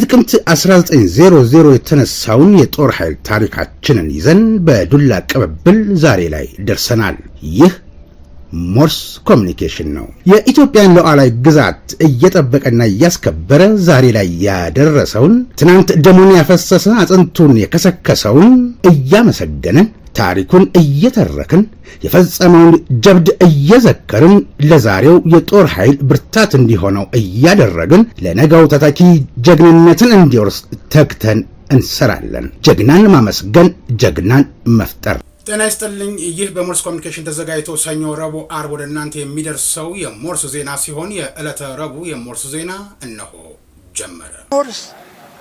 ከጥቅምት 1900 የተነሳውን የጦር ኃይል ታሪካችንን ይዘን በዱላ ቅብብል ዛሬ ላይ ደርሰናል። ይህ ሞርስ ኮሚኒኬሽን ነው። የኢትዮጵያን ሉዓላዊ ግዛት እየጠበቀና እያስከበረ ዛሬ ላይ ያደረሰውን ትናንት ደሙን ያፈሰሰ አጥንቱን የከሰከሰውን እያመሰገንን ታሪኩን እየተረክን የፈጸመውን ጀብድ እየዘከርን ለዛሬው የጦር ኃይል ብርታት እንዲሆነው እያደረግን ለነገው ተተኪ ጀግንነትን እንዲወርስ ተግተን እንሰራለን። ጀግናን ማመስገን፣ ጀግናን መፍጠር። ጤና ይስጥልኝ። ይህ በሞርስ ኮሚኒኬሽን ተዘጋጅቶ ሰኞ፣ ረቡዕ፣ አርብ ወደ እናንተ የሚደርሰው የሞርስ ዜና ሲሆን የዕለተ ረቡዕ የሞርስ ዜና እነሆ ጀመረ። ሞርስ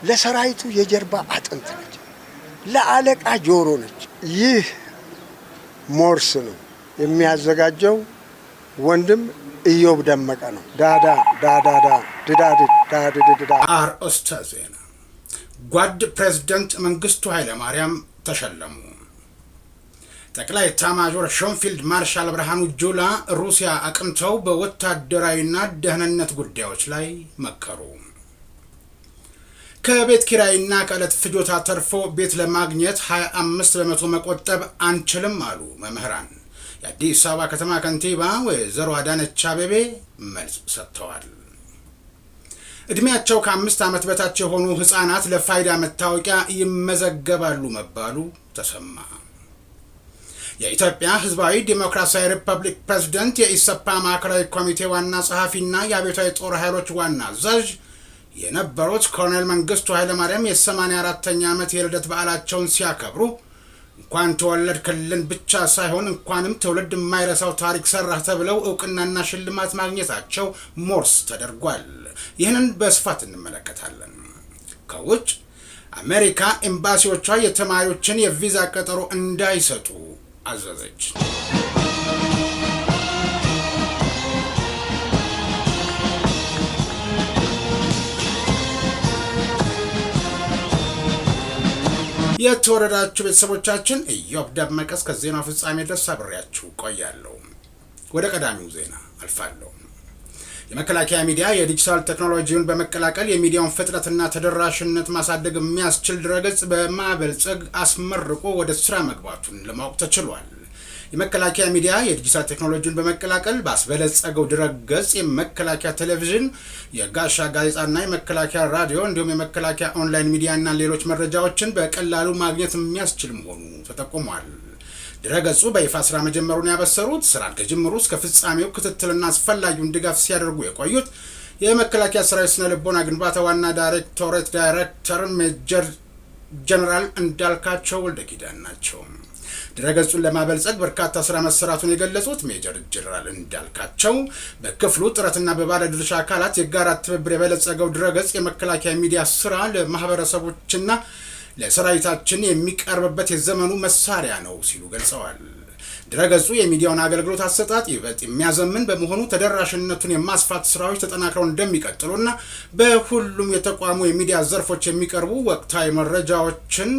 ለሰራዊቱ የጀርባ አጥንት ነች፣ ለአለቃ ጆሮ ነች ይህ ሞርስ ነው የሚያዘጋጀው። ወንድም እዮብ ደመቀ ነው። ዳዳ ዳዳዳ ድዳድ ዳድድዳ አርእስተ ዜና። ጓድ ፕሬዝደንት መንግስቱ ኃይለማርያም ተሸለሙ። ጠቅላይ ታማዦር ሾንፊልድ ማርሻል ብርሃኑ ጁላ ሩሲያ አቅንተው በወታደራዊና ደህንነት ጉዳዮች ላይ መከሩ። ከቤት ኪራይና ከዕለት ፍጆታ ተርፎ ቤት ለማግኘት 25 በመቶ መቆጠብ አንችልም አሉ መምህራን። የአዲስ አበባ ከተማ ከንቲባ ወይዘሮ አዳነች አቤቤ መልስ ሰጥተዋል። እድሜያቸው ከአምስት ዓመት በታች የሆኑ ሕፃናት ለፋይዳ መታወቂያ ይመዘገባሉ መባሉ ተሰማ። የኢትዮጵያ ሕዝባዊ ዴሞክራሲያዊ ሪፐብሊክ ፕሬዝደንት የኢሰፓ ማዕከላዊ ኮሚቴ ዋና ጸሐፊና የአብዮታዊ ጦር ኃይሎች ዋና አዛዥ የነበሩት ኮሎኔል መንግስቱ ኃይለማርያም የሰማንያ አራተኛ ዓመት የልደት በዓላቸውን ሲያከብሩ እንኳን ክልን ብቻ ሳይሆን እንኳንም ትውልድ የማይረሳው ታሪክ ሰራህ ተብለው እውቅናና ሽልማት ማግኘታቸው ሞርስ ተደርጓል። ይህንን በስፋት እንመለከታለን። ከውጭ አሜሪካ ኤምባሲዎቿ የተማሪዎችን የቪዛ ቀጠሮ እንዳይሰጡ አዘዘች። የተወረዳችሁ ቤተሰቦቻችን እዮብ ደመቀ እስከ ዜና ፍጻሜ ድረስ አብሬያችሁ ቆያለሁ። ወደ ቀዳሚው ዜና አልፋለሁ። የመከላከያ ሚዲያ የዲጂታል ቴክኖሎጂውን በመቀላቀል የሚዲያውን ፍጥነትና ተደራሽነት ማሳደግ የሚያስችል ድረገጽ በማበልጸግ አስመርቆ ወደ ስራ መግባቱን ለማወቅ ተችሏል። የመከላከያ ሚዲያ የዲጂታል ቴክኖሎጂን በመቀላቀል ባስበለጸገው ድረገጽ የመከላከያ ቴሌቪዥን፣ የጋሻ ጋዜጣና የመከላከያ ራዲዮ እንዲሁም የመከላከያ ኦንላይን ሚዲያና ሌሎች መረጃዎችን በቀላሉ ማግኘት የሚያስችል መሆኑ ተጠቁሟል። ድረገጹ በይፋ ስራ መጀመሩን ያበሰሩት ስራን ከጅምሩ እስከ ፍጻሜው ክትትልና አስፈላጊውን ድጋፍ ሲያደርጉ የቆዩት የመከላከያ ሰራዊት ስነ ልቦና ግንባታ ዋና ዳይሬክቶሬት ዳይሬክተር ሜጀር ጀነራል እንዳልካቸው ወልደ ኪዳን ናቸው። ድረገጹን ለማበልጸግ በርካታ ስራ መሰራቱን የገለጹት ሜጀር ጀነራል እንዳልካቸው በክፍሉ ጥረትና በባለድርሻ አካላት የጋራ ትብብር የበለጸገው ድረገጽ የመከላከያ ሚዲያ ስራ ለማህበረሰቦችና ለሰራዊታችን የሚቀርብበት የዘመኑ መሳሪያ ነው ሲሉ ገልጸዋል። ድረገጹ የሚዲያውን አገልግሎት አሰጣጥ ይበልጥ የሚያዘምን በመሆኑ ተደራሽነቱን የማስፋት ስራዎች ተጠናክረው እንደሚቀጥሉና በሁሉም የተቋሙ የሚዲያ ዘርፎች የሚቀርቡ ወቅታዊ መረጃዎችን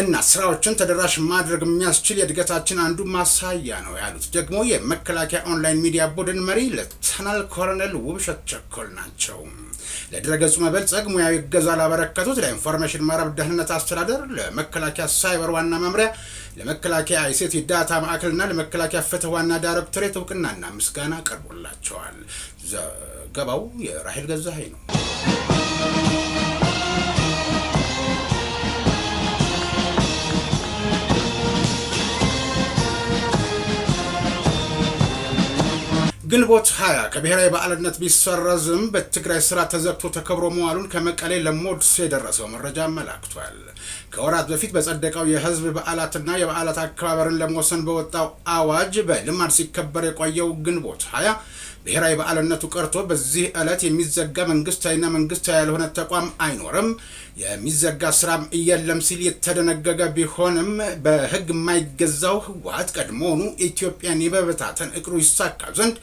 እና ስራዎችን ተደራሽ ማድረግ የሚያስችል የእድገታችን አንዱ ማሳያ ነው ያሉት ደግሞ የመከላከያ ኦንላይን ሚዲያ ቡድን መሪ ሌተናል ኮሎኔል ውብሸት ቸኮል ናቸው። ለድረገጹ መበልጸግ ሙያዊ እገዛ ላበረከቱት ለኢንፎርሜሽን መረብ ደህንነት አስተዳደር፣ ለመከላከያ ሳይበር ዋና መምሪያ፣ ለመከላከያ አይሴቲ ዳታ ማዕከልና ለመከላከያ ፍትህ ዋና ዳይሬክቶሬት እውቅናና ምስጋና ቀርቦላቸዋል። ዘገባው የራሄል ገዛኸኝ ነው። ግንቦት 20 ከብሔራዊ በዓልነት ቢሰረዝም በትግራይ ስራ ተዘግቶ ተከብሮ መዋሉን ከመቀሌ ለሞድስ የደረሰው መረጃ አመላክቷል። ከወራት በፊት በጸደቀው የህዝብ በዓላትና የበዓላት አከባበርን ለመወሰን በወጣው አዋጅ በልማድ ሲከበር የቆየው ግንቦት 20 ብሔራዊ በዓልነቱ ቀርቶ በዚህ ዕለት የሚዘጋ መንግስታዊና መንግስታዊ ያልሆነ ተቋም አይኖርም፣ የሚዘጋ ስራም እየለም ሲል የተደነገገ ቢሆንም በህግ የማይገዛው ህወሓት ቀድሞውኑ ኢትዮጵያን የበበታተን እቅዱ ይሳካ ዘንድ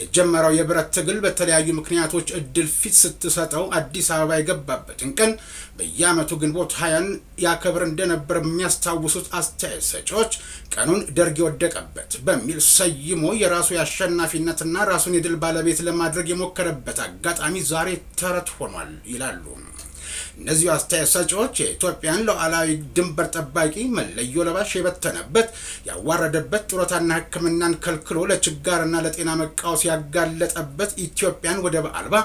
የጀመረው የብረት ትግል በተለያዩ ምክንያቶች እድል ፊት ስትሰጠው አዲስ አበባ የገባበትን ቀን በየአመቱ ግንቦት ሀያን ያከብር እንደነበር የሚያስታውሱት አስተያየት ሰጪዎች ቀኑን ደርግ የወደቀበት በሚል ሰይሞ የራሱ የአሸናፊነትና ራሱን የድል ባለቤት ለማድረግ የሞከረበት አጋጣሚ ዛሬ ተረት ሆኗል ይላሉ። እነዚሁ አስተያየት ሰጪዎች የኢትዮጵያን ሉዓላዊ ድንበር ጠባቂ መለዮ ለባሽ የበተነበት ያዋረደበት፣ ጡረታና ሕክምናን ከልክሎ ለችጋርና ለጤና መቃወስ ያጋለጠበት፣ ኢትዮጵያን ወደብ አልባ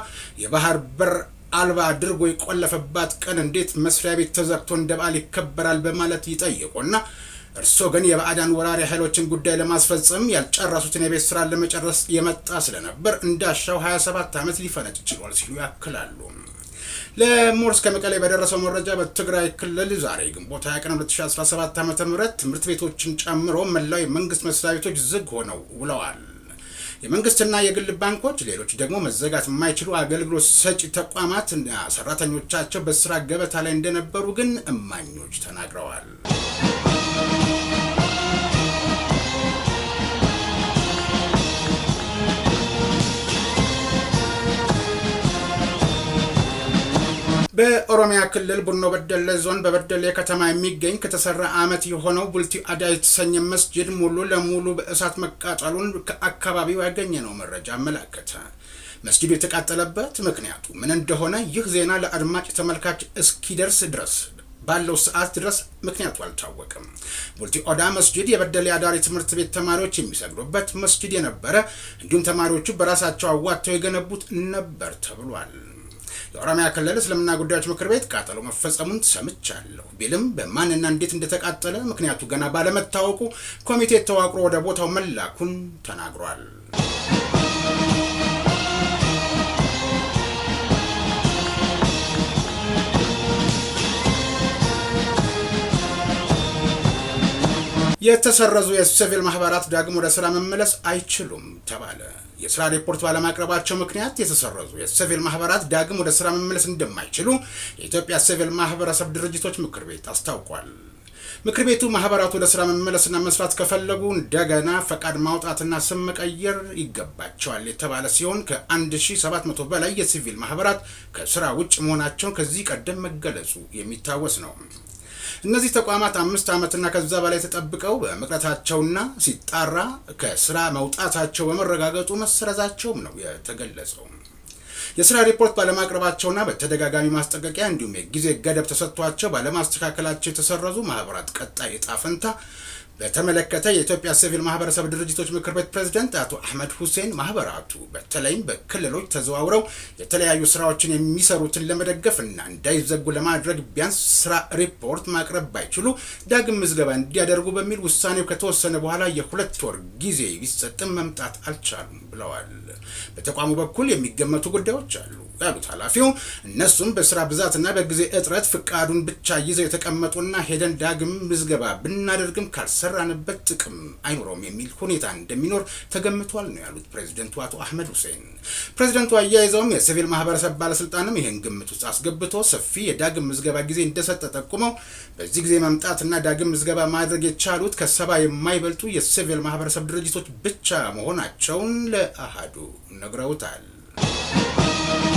የባህር በር አልባ አድርጎ የቆለፈባት ቀን እንዴት መስሪያ ቤት ተዘግቶ እንደ በዓል ይከበራል በማለት ይጠይቁና እርስዎ ግን የባዕዳን ወራሪ ኃይሎችን ጉዳይ ለማስፈጸም ያልጨረሱትን የቤት ስራ ለመጨረስ የመጣ ስለነበር እንዳሻው 27 ዓመት ሊፈነጭ ችሏል ሲሉ ያክላሉ። ለሞርስ ከመቀሌ በደረሰው መረጃ በትግራይ ክልል ዛሬ ግንቦት 20 ቀን 2017 ዓ ም ትምህርት ቤቶችን ጨምሮ መላው የመንግስት መስሪያ ቤቶች ዝግ ሆነው ውለዋል። የመንግስትና የግል ባንኮች፣ ሌሎች ደግሞ መዘጋት የማይችሉ አገልግሎት ሰጪ ተቋማትና ሰራተኞቻቸው በስራ ገበታ ላይ እንደነበሩ ግን እማኞች ተናግረዋል። በኦሮሚያ ክልል ቡኖ በደለ ዞን በበደሌ ከተማ የሚገኝ ከተሰራ ዓመት የሆነው ቡልቲ አዳ የተሰኘ መስጅድ ሙሉ ለሙሉ በእሳት መቃጠሉን ከአካባቢው ያገኘ ነው መረጃ አመላከተ። መስጅዱ የተቃጠለበት ምክንያቱ ምን እንደሆነ ይህ ዜና ለአድማጭ ተመልካች እስኪደርስ ድረስ ባለው ሰዓት ድረስ ምክንያቱ አልታወቅም። ቡልቲ ኦዳ መስጅድ የበደሌ አዳሪ ትምህርት ቤት ተማሪዎች የሚሰግዱበት መስጅድ የነበረ እንዲሁም ተማሪዎቹ በራሳቸው አዋጥተው የገነቡት ነበር ተብሏል። የኦሮሚያ ክልል እስልምና ጉዳዮች ምክር ቤት ቃጠሎ መፈጸሙን ሰምቻለሁ ቢልም በማንና እንዴት እንደተቃጠለ ምክንያቱ ገና ባለመታወቁ ኮሚቴ ተዋቅሮ ወደ ቦታው መላኩን ተናግሯል። የተሰረዙ የሲቪል ማህበራት ዳግም ወደ ስራ መመለስ አይችሉም ተባለ። የስራ ሪፖርት ባለማቅረባቸው ምክንያት የተሰረዙ የሲቪል ማህበራት ዳግም ወደ ስራ መመለስ እንደማይችሉ የኢትዮጵያ ሲቪል ማህበረሰብ ድርጅቶች ምክር ቤት አስታውቋል። ምክር ቤቱ ማህበራቱ ወደ ስራ መመለስና መስራት ከፈለጉ እንደገና ፈቃድ ማውጣትና ስም መቀየር ይገባቸዋል የተባለ ሲሆን ከ1700 በላይ የሲቪል ማህበራት ከስራ ውጭ መሆናቸውን ከዚህ ቀደም መገለጹ የሚታወስ ነው። እነዚህ ተቋማት አምስት ዓመትና ከዛ በላይ ተጠብቀው በመቅረታቸውና ሲጣራ ከስራ መውጣታቸው በመረጋገጡ መሰረዛቸውም ነው የተገለጸው። የስራ ሪፖርት ባለማቅረባቸውና በተደጋጋሚ ማስጠንቀቂያ እንዲሁም የጊዜ ገደብ ተሰጥቷቸው ባለማስተካከላቸው የተሰረዙ ማህበራት ቀጣይ እጣ ፈንታ በተመለከተ የኢትዮጵያ ሲቪል ማህበረሰብ ድርጅቶች ምክር ቤት ፕሬዝደንት አቶ አህመድ ሁሴን ማህበራቱ በተለይም በክልሎች ተዘዋውረው የተለያዩ ስራዎችን የሚሰሩትን ለመደገፍ እና እንዳይዘጉ ለማድረግ ቢያንስ ስራ ሪፖርት ማቅረብ ባይችሉ ዳግም ምዝገባ እንዲያደርጉ በሚል ውሳኔው ከተወሰነ በኋላ የሁለት ወር ጊዜ ቢሰጥም መምጣት አልቻሉም ብለዋል። በተቋሙ በኩል የሚገመቱ ጉዳዮች አሉ። ያሉት ኃላፊው እነሱም በስራ ብዛትና በጊዜ እጥረት ፍቃዱን ብቻ ይዘው የተቀመጡና ሄደን ዳግም ምዝገባ ብናደርግም ካልሰራንበት ጥቅም አይኖረውም የሚል ሁኔታ እንደሚኖር ተገምቷል ነው ያሉት ፕሬዚደንቱ አቶ አህመድ ሁሴን። ፕሬዚደንቱ አያይዘውም የሲቪል ማህበረሰብ ባለስልጣንም ይህን ግምት ውስጥ አስገብቶ ሰፊ የዳግም ምዝገባ ጊዜ እንደሰጠ ጠቁመው በዚህ ጊዜ መምጣትና ዳግም ምዝገባ ማድረግ የቻሉት ከሰባ የማይበልጡ የሲቪል ማህበረሰብ ድርጅቶች ብቻ መሆናቸውን ለአሃዱ ነግረውታል።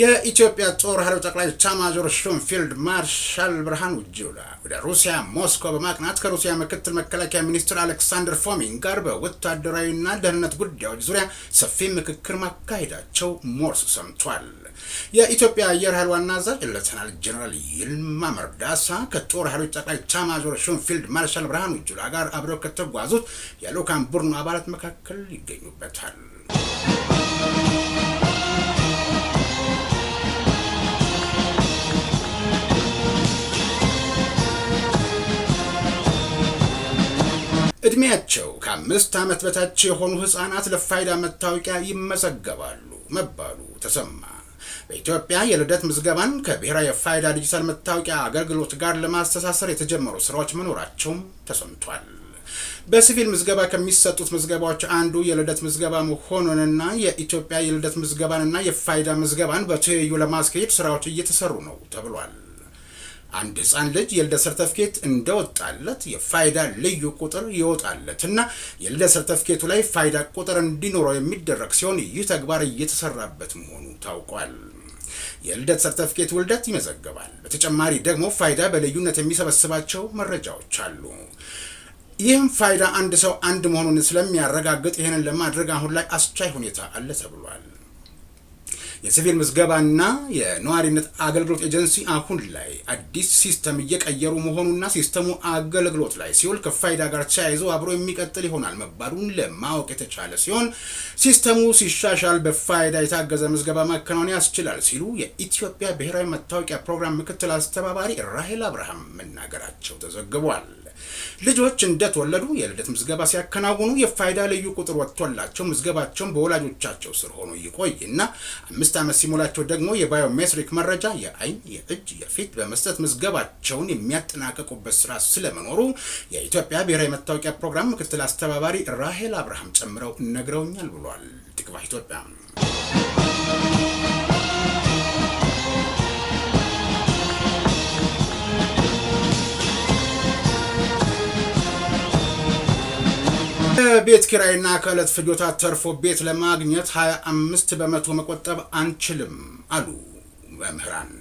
የኢትዮጵያ ጦር ኃይሎች ጠቅላይ ኤታማዦር ሹም ፊልድ ማርሻል ብርሃኑ ጁላ ወደ ሩሲያ ሞስኮ በማቅናት ከሩሲያ ምክትል መከላከያ ሚኒስትር አሌክሳንደር ፎሚን ጋር በወታደራዊና ደህንነት ጉዳዮች ዙሪያ ሰፊ ምክክር ማካሄዳቸው ሞርስ ሰምቷል። የኢትዮጵያ አየር ኃይል ዋና አዛዥ ሌተናል ጀነራል ይልማ መርዳሳ ከጦር ኃይሎች ጠቅላይ ኤታማዦር ሹም ፊልድ ማርሻል ብርሃኑ ጁላ ጋር አብረው ከተጓዙት የልዑካን ቡድኑ አባላት መካከል ይገኙበታል። እድሜያቸው ከአምስት ዓመት በታች የሆኑ ሕፃናት ለፋይዳ መታወቂያ ይመዘገባሉ መባሉ ተሰማ። በኢትዮጵያ የልደት ምዝገባን ከብሔራዊ የፋይዳ ዲጂታል መታወቂያ አገልግሎት ጋር ለማስተሳሰር የተጀመሩ ስራዎች መኖራቸውም ተሰምቷል። በሲቪል ምዝገባ ከሚሰጡት ምዝገባዎች አንዱ የልደት ምዝገባ መሆኑንና የኢትዮጵያ የልደት ምዝገባንና የፋይዳ ምዝገባን በትይዩ ለማስኬድ ስራዎች እየተሰሩ ነው ተብሏል። አንድ ህፃን ልጅ የልደት ሰርተፍኬት እንደወጣለት የፋይዳ ልዩ ቁጥር ይወጣለት የልደት ሰርተፍኬቱ ላይ ፋይዳ ቁጥር እንዲኖረው የሚደረግ ሲሆን ይህ ተግባር እየተሰራበት መሆኑ ታውቋል። የልደት ሰርተፍኬት ውልደት ይመዘገባል። በተጨማሪ ደግሞ ፋይዳ በልዩነት የሚሰበስባቸው መረጃዎች አሉ። ይህም ፋይዳ አንድ ሰው አንድ መሆኑን ስለሚያረጋግጥ ይህንን ለማድረግ አሁን ላይ አስቻይ ሁኔታ አለ ተብሏል። የሲቪል ምዝገባና የነዋሪነት አገልግሎት ኤጀንሲ አሁን ላይ አዲስ ሲስተም እየቀየሩ መሆኑና ሲስተሙ አገልግሎት ላይ ሲውል ከፋይዳ ጋር ተያይዞ አብሮ የሚቀጥል ይሆናል መባሉን ለማወቅ የተቻለ ሲሆን ሲስተሙ ሲሻሻል በፋይዳ የታገዘ ምዝገባ ማከናወን ያስችላል ሲሉ የኢትዮጵያ ብሔራዊ መታወቂያ ፕሮግራም ምክትል አስተባባሪ ራሄል አብርሃም መናገራቸው ተዘግቧል። ልጆች እንደተወለዱ የልደት ምዝገባ ሲያከናውኑ የፋይዳ ልዩ ቁጥር ወጥቶላቸው ምዝገባቸውን በወላጆቻቸው ስር ሆኖ እና አምስት ዓመት ሲሞላቸው ደግሞ የባዮሜትሪክ መረጃ የአይን፣ የእጅ፣ የፊት በመስጠት ምዝገባቸውን የሚያጠናቀቁበት ስራ ስለመኖሩ የኢትዮጵያ ብሔራዊ መታወቂያ ፕሮግራም ምክትል አስተባባሪ ራሄል አብርሃም ጨምረው ነግረውኛል ብሏል። ትግባ ኢትዮጵያ ከቤት ኪራይና ከዕለት ፍጆታ ተርፎ ቤት ለማግኘት 25 በመቶ መቆጠብ አንችልም አሉ መምህራን።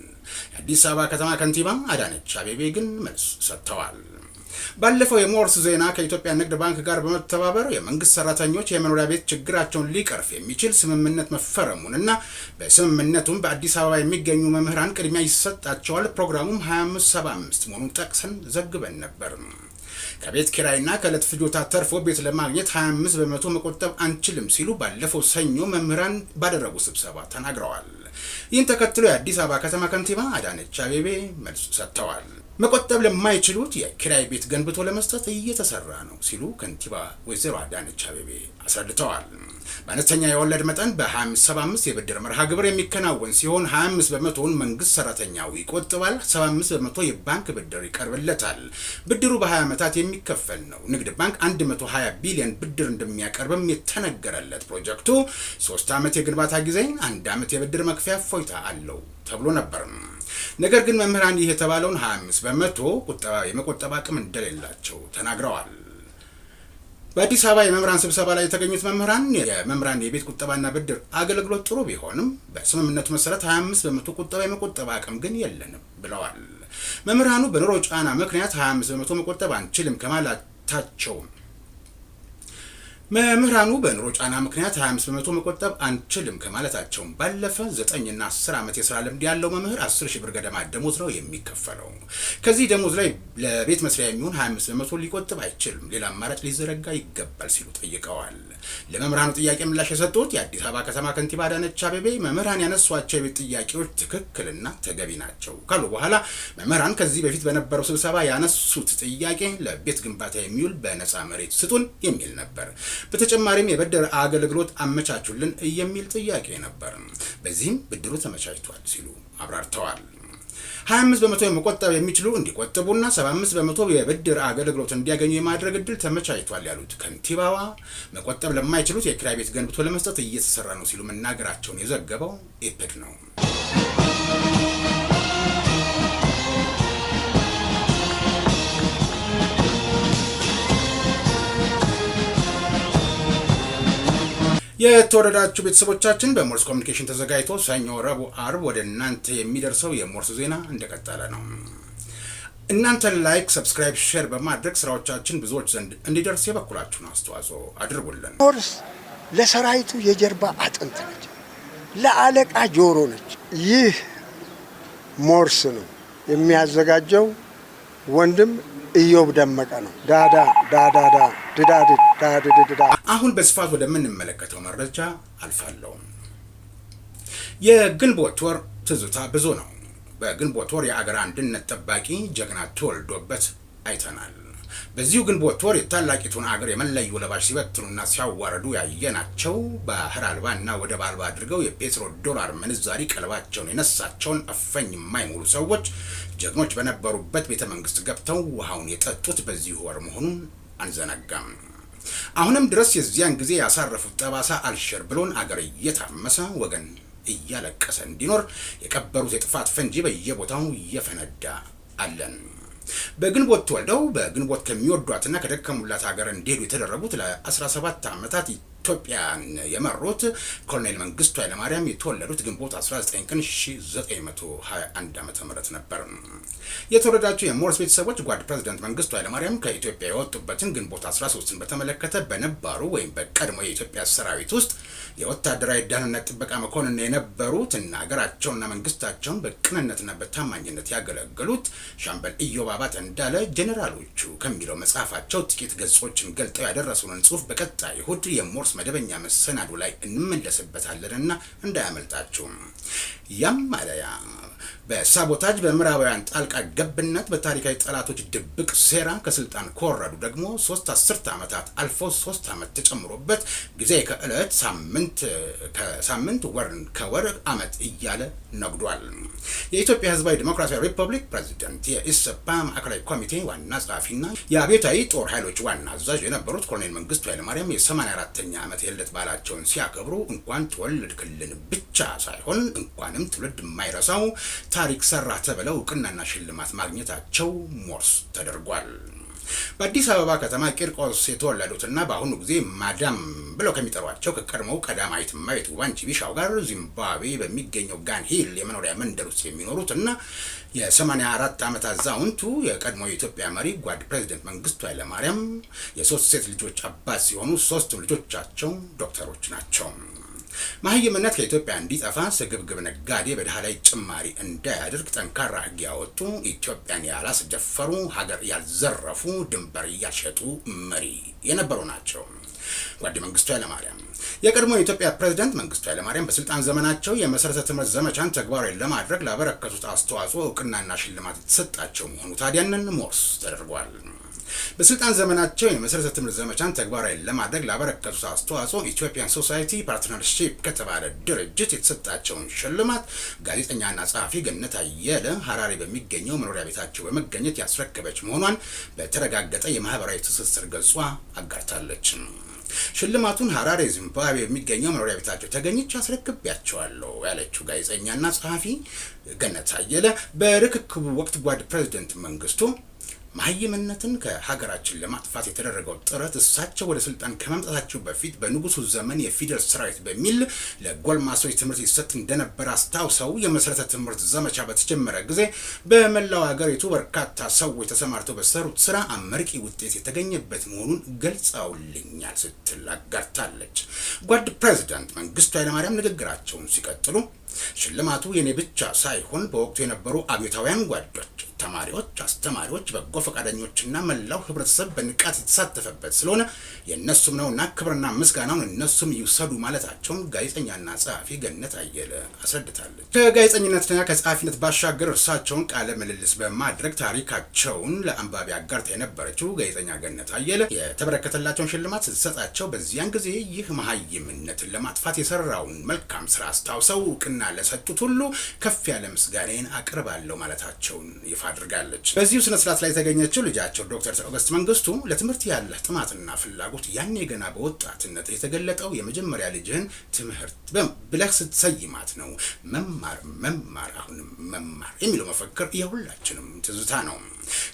የአዲስ አበባ ከተማ ከንቲባ አዳነች አቤቤ ግን መልስ ሰጥተዋል። ባለፈው የሞርስ ዜና ከኢትዮጵያ ንግድ ባንክ ጋር በመተባበር የመንግስት ሰራተኞች የመኖሪያ ቤት ችግራቸውን ሊቀርፍ የሚችል ስምምነት መፈረሙን እና በስምምነቱም በአዲስ አበባ የሚገኙ መምህራን ቅድሚያ ይሰጣቸዋል፣ ፕሮግራሙም 2575 መሆኑን ጠቅሰን ዘግበን ነበር። ከቤት ኪራይና ከዕለት ፍጆታ ተርፎ ቤት ለማግኘት 25 በመቶ መቆጠብ አንችልም ሲሉ ባለፈው ሰኞ መምህራን ባደረጉ ስብሰባ ተናግረዋል። ይህን ተከትሎ የአዲስ አበባ ከተማ ከንቲባ አዳነች አቤቤ መልስ ሰጥተዋል። መቆጠብ ለማይችሉት የኪራይ ቤት ገንብቶ ለመስጠት እየተሰራ ነው ሲሉ ከንቲባ ወይዘሮ አዳነች አቤቤ አስረድተዋል። በአነስተኛ የወለድ መጠን በ75 የብድር መርሃ ግብር የሚከናወን ሲሆን 25 በመቶውን መንግስት ሰራተኛው ይቆጥባል፣ 75 በመቶ የባንክ ብድር ይቀርብለታል። ብድሩ በ20 ዓመታት የሚ የሚከፈል ነው። ንግድ ባንክ 120 ቢሊዮን ብድር እንደሚያቀርብም የተነገረለት ፕሮጀክቱ ሶስት ዓመት የግንባታ ጊዜ፣ አንድ ዓመት የብድር መክፈያ እፎይታ አለው ተብሎ ነበር። ነገር ግን መምህራን ይህ የተባለውን 25 በመቶ ቁጠባ የመቆጠብ አቅም እንደሌላቸው ተናግረዋል። በአዲስ አበባ የመምህራን ስብሰባ ላይ የተገኙት መምህራን የመምህራን የቤት ቁጠባና ብድር አገልግሎት ጥሩ ቢሆንም በስምምነቱ መሰረት 25 በመቶ ቁጠባ የመቆጠብ አቅም ግን የለንም ብለዋል። መምህራኑ በኑሮ ጫና ምክንያት 25 በመቶ መቆጠብ አንችልም ከማላታቸውም መምህራኑ በኑሮ ጫና ምክንያት 25 በመቶ መቆጠብ አንችልም ከማለታቸውም ባለፈ 9 እና 10 ዓመት የስራ ልምድ ያለው መምህር 10 ሺ ብር ገደማ ደሞዝ ነው የሚከፈለው። ከዚህ ደሞዝ ላይ ለቤት መስሪያ የሚሆን 25 በመቶ ሊቆጥብ አይችልም፣ ሌላ አማራጭ ሊዘረጋ ይገባል ሲሉ ጠይቀዋል። ለመምህራኑ ጥያቄ ምላሽ የሰጡት የአዲስ አበባ ከተማ ከንቲባ አዳነች አቤቤ መምህራን ያነሷቸው የቤት ጥያቄዎች ትክክልና ተገቢ ናቸው ካሉ በኋላ መምህራን ከዚህ በፊት በነበረው ስብሰባ ያነሱት ጥያቄ ለቤት ግንባታ የሚውል በነፃ መሬት ስጡን የሚል ነበር። በተጨማሪም የበደረ አገልግሎት አመቻቹልን የሚል ጥያቄ ነበር። በዚህም ብድሩ ተመቻችቷል ሲሉ አብራርተዋል። 25 በመቶ መቆጠብ የሚችሉ እንዲቆጥቡና 75 በመቶ የብድር አገልግሎት እንዲያገኙ የማድረግ እድል ተመቻችቷል ያሉት ከንቲባዋ መቆጠብ ለማይችሉት የኪራይ ቤት ገንብቶ ለመስጠት እየተሰራ ነው ሲሉ መናገራቸውን የዘገበው ኢፕድ ነው። የተወደዳችሁ ቤተሰቦቻችን በሞርስ ኮሚኒኬሽን ተዘጋጅቶ ሰኞ፣ ረቡዕ፣ አርብ ወደ እናንተ የሚደርሰው የሞርስ ዜና እንደቀጠለ ነው። እናንተ ላይክ፣ ሰብስክራይብ፣ ሼር በማድረግ ስራዎቻችን ብዙዎች ዘንድ እንዲደርስ የበኩላችሁን አስተዋጽኦ አድርጉልን። ሞርስ ለሰራዊቱ የጀርባ አጥንት ነች፣ ለአለቃ ጆሮ ነች። ይህ ሞርስ ነው የሚያዘጋጀው ወንድም እዮብ ደመቀ ነው። ዳዳ ዳዳዳ ድዳድ ዳድድዳ አሁን በስፋት ወደምንመለከተው መረጃ አልፋለሁ የግንቦት ወር ትዝታ ብዙ ነው። በግንቦት ወር የአገር አንድነት ጠባቂ ጀግና ተወልዶበት አይተናል። በዚሁ ግንቦት ወር የታላቂቱን አገር የመለዩ ለባሽ ሲበትኑና ሲያዋርዱ ያየናቸው ባህር አልባና ወደብ አልባ አድርገው የፔትሮ ዶላር ምንዛሪ ቀልባቸውን የነሳቸውን እፈኝ የማይሞሉ ሰዎች ጀግኖች በነበሩበት ቤተ መንግስት ገብተው ውሃውን የጠጡት በዚሁ ወር መሆኑን አንዘነጋም። አሁንም ድረስ የዚያን ጊዜ ያሳረፉት ጠባሳ አልሸር ብሎን አገር እየታመሰ ወገን እያለቀሰ እንዲኖር የቀበሩት የጥፋት ፈንጂ በየቦታው እየፈነዳ አለን። በግንቦት ተወልደው በግንቦት ከሚወዷትና ከደከሙላት ሀገር እንዲሄዱ የተደረጉት ለ17 ዓመታት ኢትዮጵያን የመሩት ኮሎኔል መንግስቱ ኃይለማርያም የተወለዱት ግንቦት 19 ቀን 1921 ዓ ም ነበር። የተወለዳቸው የሞርስ ቤተሰቦች ጓድ ፕሬዚደንት መንግስቱ ኃይለማርያም ከኢትዮጵያ የወጡበትን ግንቦት 13ን በተመለከተ በነባሩ ወይም በቀድሞ የኢትዮጵያ ሰራዊት ውስጥ የወታደራዊ ደህንነት ጥበቃ መኮንን እና ሀገራቸውና መንግስታቸውን በቅንነትና በታማኝነት ያገለገሉት ሻምበል ኢዮብ እንዳለ ጄኔራሎቹ ከሚለው መጽሐፋቸው ጥቂት ገጾችን ገልጠው ያደረሱንን ጽሁፍ በቀጣይ እሁድ የሞርስ መደበኛ መሰናዱ ላይ እንመለስበታለንና እንዳያመልጣችሁም። ያም አለያ በሳቦታጅ በምዕራባውያን ጣልቃ ገብነት በታሪካዊ ጠላቶች ድብቅ ሴራ ከስልጣን ከወረዱ ደግሞ ሶስት አስርተ ዓመታት አልፎ ሶስት ዓመት ተጨምሮበት ጊዜ ከዕለት ሳምንት ከሳምንት ወር ከወር ዓመት እያለ ነግዷል። የኢትዮጵያ ሕዝባዊ ዲሞክራሲያዊ ሪፐብሊክ ፕሬዚደንት የኢሰፓ ማዕከላዊ ኮሚቴ ዋና ጸሐፊና የአብዮታዊ ጦር ኃይሎች ዋና አዛዥ የነበሩት ኮሎኔል መንግስቱ ኃይለማርያም የ84ኛ ዓመት የልደት በዓላቸውን ሲያከብሩ እንኳን ተወለድክልን ብቻ ሳይሆን እንኳንም ትውልድ የማይረሳው ታሪክ ሰራ ተብለው እውቅናና ሽልማት ማግኘታቸው ሞርስ ተደርጓል። በአዲስ አበባ ከተማ ቂርቆስ የተወለዱትና በአሁኑ ጊዜ ማዳም ብለው ከሚጠሯቸው ከቀድሞው ቀዳማዊት እማቤት ውባንቺ ቢሻው ጋር ዚምባብዌ በሚገኘው ጋን ሂል የመኖሪያ መንደር ውስጥ እና የ84 ዓመት አዛውንቱ የቀድሞ የኢትዮጵያ መሪ ጓድ ፕሬዚደንት መንግስቱ ኃይለማርያም የሶስት ሴት ልጆች አባት ሲሆኑ ሶስቱም ልጆቻቸው ዶክተሮች ናቸው። መሀይምነት ከኢትዮጵያ እንዲጠፋ ስግብግብ ነጋዴ በድሃ ላይ ጭማሪ እንዳያደርግ ጠንካራ ሕግ ያወጡ ኢትዮጵያን ያላስደፈሩ ሀገር ያልዘረፉ ድንበር ያልሸጡ መሪ የነበሩ ናቸው። ጓድ መንግስቱ ኃይለማርያም የቀድሞ የኢትዮጵያ ፕሬዝዳንት መንግስቱ ኃይለማርያም በስልጣን ዘመናቸው የመሰረተ ትምህርት ዘመቻን ተግባራዊ ለማድረግ ላበረከቱት አስተዋጽኦ እውቅናና ሽልማት የተሰጣቸው መሆኑ ታዲያንን ሞርስ ተደርጓል። በስልጣን ዘመናቸው የመሰረተ ትምህርት ዘመቻን ተግባራዊ ለማድረግ ላበረከቱት አስተዋጽኦ ኢትዮጵያን ሶሳይቲ ፓርትነርሺፕ ከተባለ ድርጅት የተሰጣቸውን ሽልማት ጋዜጠኛና ጸሐፊ ገነት አየለ ሀራሪ በሚገኘው መኖሪያ ቤታቸው በመገኘት ያስረከበች መሆኗን በተረጋገጠ የማህበራዊ ትስስር ገጿ አጋርታለች። ሽልማቱን ሀራሬ ዚምባብዌ የሚገኘው መኖሪያ ቤታቸው ተገኝቼ አስረክቤያቸዋለሁ ያለችው ጋዜጠኛና ጸሐፊ ገነት አየለ በርክክቡ ወቅት ጓድ ፕሬዚደንት መንግስቱ መሀይምነትን ከሀገራችን ለማጥፋት የተደረገው ጥረት እሳቸው ወደ ስልጣን ከመምጣታቸው በፊት በንጉሱ ዘመን የፊደል ሰራዊት በሚል ለጎልማሶች ትምህርት ይሰጥ እንደነበረ አስታውሰው የመሰረተ ትምህርት ዘመቻ በተጀመረ ጊዜ በመላው ሀገሪቱ በርካታ ሰዎች ተሰማርተው በሰሩት ስራ አመርቂ ውጤት የተገኘበት መሆኑን ገልጸውልኛል ስትል አጋርታለች። ጓድ ፕሬዚዳንት መንግስቱ ኃይለማርያም ንግግራቸውን ሲቀጥሉ ሽልማቱ የኔ ብቻ ሳይሆን በወቅቱ የነበሩ አብዮታውያን ጓዶች ተማሪዎች፣ አስተማሪዎች፣ በጎ ፈቃደኞችና መላው ህብረተሰብ በንቃት የተሳተፈበት ስለሆነ የእነሱም ነውና ክብርና ምስጋናውን እነሱም ይውሰዱ ማለታቸውን ጋዜጠኛና ጸሐፊ ገነት አየለ አስረድታለች። ከጋዜጠኝነትና ከጸሐፊነት ባሻገር እርሳቸውን ቃለ ምልልስ በማድረግ ታሪካቸውን ለአንባቢ አጋርታ የነበረችው ጋዜጠኛ ገነት አየለ የተበረከተላቸውን ሽልማት ስትሰጣቸው በዚያን ጊዜ ይህ መሀይምነትን ለማጥፋት የሰራውን መልካም ስራ አስታውሰው እውቅና ለሰጡት ሁሉ ከፍ ያለ ምስጋናዬን አቅርባለሁ ማለታቸውን ይፋ አድርጋለች። በዚሁ ስነ ስርዓት ላይ የተገኘችው ልጃቸው ዶክተር ኦገስት መንግስቱ ለትምህርት ያለህ ጥማትና ፍላጎት ያኔ ገና በወጣትነት የተገለጠው የመጀመሪያ ልጅህን ትምህርት ብለህ ስትሰይማት ነው። መማር መማር፣ አሁንም መማር የሚለው መፈክር የሁላችንም ትዝታ ነው።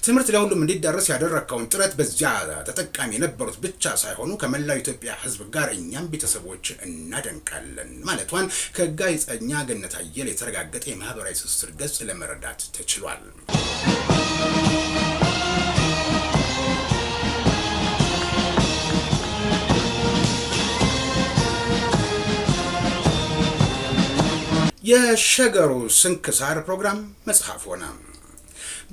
ትምህርት ለሁሉም እንዲዳረስ ያደረግከውን ጥረት በዚያ ተጠቃሚ የነበሩት ብቻ ሳይሆኑ ከመላው ኢትዮጵያ ሕዝብ ጋር እኛም ቤተሰቦች እናደንቃለን ማለቷን ከጋዜጠኛ ገነት አየለ የተረጋገጠ የማህበራዊ ትስስር ገጽ ለመረዳት ተችሏል። የሸገሩ ስንክሳር ፕሮግራም መጽሐፍ ሆነ።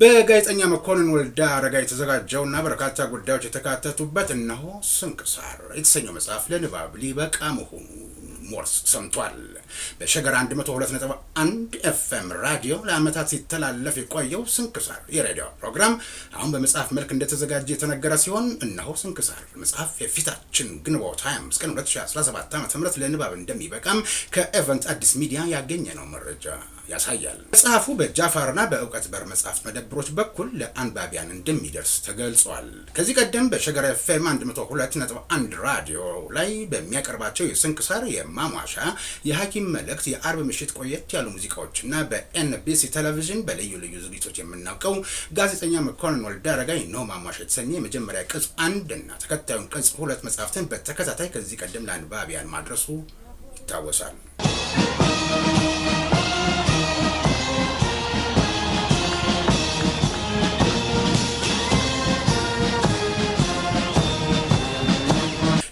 በጋዜጠኛ መኮንን ወልደ አረጋ የተዘጋጀውና በርካታ ጉዳዮች የተካተቱበት እነሆ ስንክሳር የተሰኘው መጽሐፍ ለንባብ ሊበቃ መሆኑ ሞርስ ሰምቷል። በሸገር 102.1 ኤፍኤም ራዲዮ ለዓመታት ሲተላለፍ የቆየው ስንክሳር የሬዲዮ ፕሮግራም አሁን በመጽሐፍ መልክ እንደተዘጋጀ የተነገረ ሲሆን እነሆ ስንክሳር መጽሐፍ የፊታችን ግንቦት 25 ቀን 2017 ዓ ም ለንባብ እንደሚበቃም ከኤቨንት አዲስ ሚዲያ ያገኘ ነው መረጃ ያሳያል። መጽሐፉ በጃፋርና በእውቀት በር መጽሐፍት መደብሮች በኩል ለአንባቢያን እንደሚደርስ ተገልጿል። ከዚህ ቀደም በሸገር ኤፍኤም 102.1 ራዲዮ ላይ በሚያቀርባቸው የስንክሳር፣ የማሟሻ፣ የሐኪም መልእክት፣ የአርብ ምሽት ቆየት ያሉ ሙዚቃዎችና በኤንቢሲ ቴሌቪዥን በልዩ ልዩ ዝግጅቶች የምናውቀው ጋዜጠኛ መኮንን ወልደአረጋይ ነው ማሟሻ የተሰኘ የመጀመሪያ ቅጽ አንድ እና ተከታዩን ቅጽ ሁለት መጽሐፍትን በተከታታይ ከዚህ ቀደም ለአንባቢያን ማድረሱ ይታወሳል።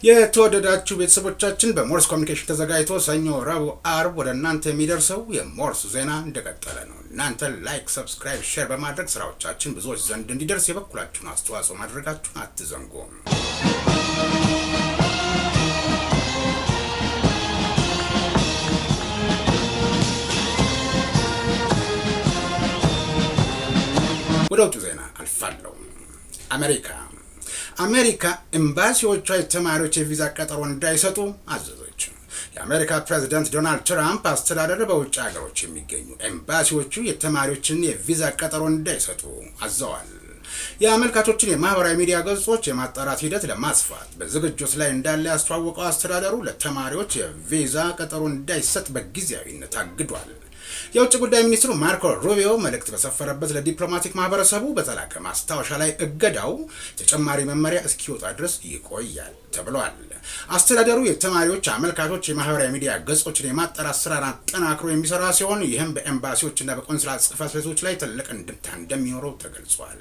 የተወደዳችሁ ቤተሰቦቻችን በሞርስ ኮሚኒኬሽን ተዘጋጅቶ ሰኞ፣ ረቡዕ፣ አርብ ወደ እናንተ የሚደርሰው የሞርስ ዜና እንደቀጠለ ነው። እናንተ ላይክ፣ ሰብስክራይብ፣ ሼር በማድረግ ስራዎቻችን ብዙዎች ዘንድ እንዲደርስ የበኩላችሁን አስተዋጽኦ ማድረጋችሁን አትዘንጉም ወደ ውጭ ዜና አልፋለሁ። አሜሪካ አሜሪካ ኤምባሲዎቿ የተማሪዎች የቪዛ ቀጠሮ እንዳይሰጡ አዘዘች። የአሜሪካ ፕሬዚደንት ዶናልድ ትራምፕ አስተዳደር በውጭ ሀገሮች የሚገኙ ኤምባሲዎቹ የተማሪዎችን የቪዛ ቀጠሮ እንዳይሰጡ አዘዋል። የአመልካቾችን የማህበራዊ ሚዲያ ገጾች የማጣራት ሂደት ለማስፋት በዝግጅት ላይ እንዳለ ያስተዋወቀው አስተዳደሩ ለተማሪዎች የቪዛ ቀጠሮ እንዳይሰጥ በጊዜያዊነት አግዷል። የውጭ ጉዳይ ሚኒስትሩ ማርኮ ሩቢዮ መልእክት በሰፈረበት ለዲፕሎማቲክ ማህበረሰቡ በተላከ ማስታወሻ ላይ እገዳው ተጨማሪ መመሪያ እስኪወጣ ድረስ ይቆያል ተብሏል። አስተዳደሩ የተማሪዎች አመልካቾች የማህበራዊ ሚዲያ ገጾችን የማጣራት ስራን አጠናክሮ የሚሰራ ሲሆን ይህም በኤምባሲዎችና በቆንስላ ጽህፈት ቤቶች ላይ ትልቅ እንድምታ እንደሚኖረው ተገልጿል።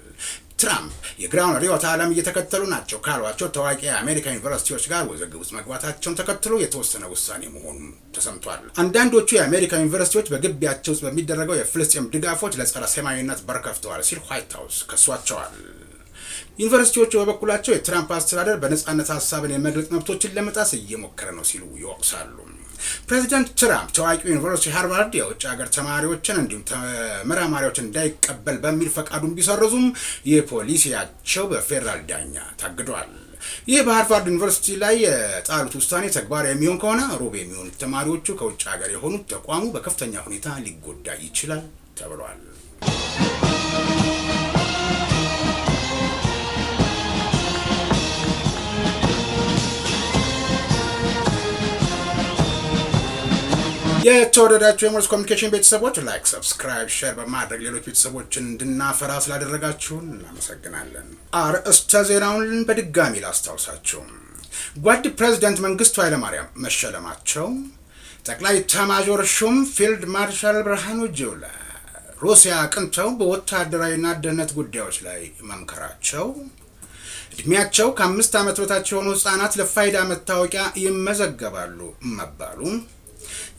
ትራምፕ የግራውን ሪዮት ዓለም እየተከተሉ ናቸው ካሏቸው ታዋቂ የአሜሪካ ዩኒቨርሲቲዎች ጋር ውዝግብ ውስጥ መግባታቸውን ተከትሎ የተወሰነ ውሳኔ መሆኑም ተሰምቷል። አንዳንዶቹ የአሜሪካ ዩኒቨርሲቲዎች በግቢያቸው ውስጥ በሚደረገው የፍልስጤም ድጋፎች ለጸረ ሴማዊነት በር ከፍተዋል ሲል ዋይት ሀውስ ከሷቸዋል። ዩኒቨርሲቲዎቹ በበኩላቸው የትራምፕ አስተዳደር በነጻነት ሀሳብን የመግለጽ መብቶችን ለመጣስ እየሞከረ ነው ሲሉ ይወቅሳሉ። ፕሬዚደንት ትራምፕ ታዋቂው ዩኒቨርሲቲ ሃርቫርድ የውጭ ሀገር ተማሪዎችን እንዲሁም ተመራማሪዎችን እንዳይቀበል በሚል ፈቃዱን ቢሰርዙም የፖሊሲያቸው በፌዴራል ዳኛ ታግዷል። ይህ በሃርቫርድ ዩኒቨርሲቲ ላይ የጣሉት ውሳኔ ተግባራዊ የሚሆን ከሆነ ሩብ የሚሆኑት ተማሪዎቹ ከውጭ ሀገር የሆኑት ተቋሙ በከፍተኛ ሁኔታ ሊጎዳ ይችላል ተብሏል። የተወደዳቸው የሞርስ ኮሚኒኬሽን ቤተሰቦች ላይክ፣ ሰብስክራይብ፣ ሼር በማድረግ ሌሎች ቤተሰቦችን እንድናፈራ ስላደረጋችሁን እናመሰግናለን። አርእስተ ዜናውን በድጋሚ ላስታውሳችሁ። ጓድ ፕሬዚደንት መንግስቱ ኃይለማርያም መሸለማቸው፣ ጠቅላይ ኤታማዦር ሹም ፊልድ ማርሻል ብርሃኑ ጁላ ሩሲያ አቅንተው በወታደራዊና ደህንነት ጉዳዮች ላይ መምከራቸው እድሜያቸው ከአምስት ዓመት በታች የሆኑ ህጻናት ለፋይዳ መታወቂያ ይመዘገባሉ መባሉ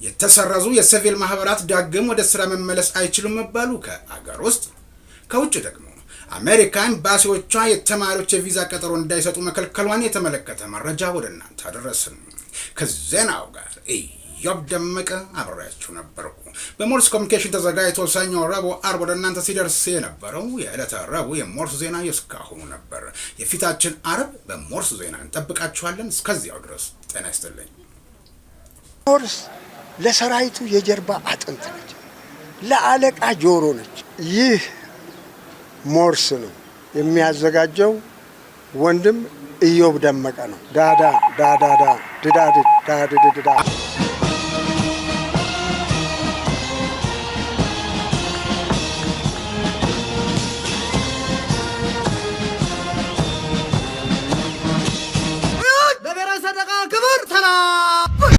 የተሰረዙ የሲቪል ማህበራት ዳግም ወደ ስራ መመለስ አይችሉም መባሉ ከአገር ውስጥ ከውጭ ደግሞ አሜሪካ ኤምባሲዎቿ የተማሪዎች የቪዛ ቀጠሮ እንዳይሰጡ መከልከሏን የተመለከተ መረጃ ወደ እናንተ አደረስን። ከዜናው ጋር ኢዮብ ደመቀ አብሬያችሁ ነበርኩ። በሞርስ ኮሚኒኬሽን ተዘጋጅቶ ሰኞ፣ ረቡዕ፣ አርብ ወደ እናንተ ሲደርስ የነበረው የዕለተ ረቡዕ የሞርስ ዜና የእስካሁኑ ነበር። የፊታችን አርብ በሞርስ ዜና እንጠብቃችኋለን። እስከዚያው ድረስ ጤና ይስጥልኝ። ሞርስ ለሰራዊቱ የጀርባ አጥንት ነች፣ ለአለቃ ጆሮ ነች። ይህ ሞርስ ነው። የሚያዘጋጀው ወንድም ኢዮብ ደመቀ ነው። ዳዳ ዳዳዳ ድዳድ ዳድድዳ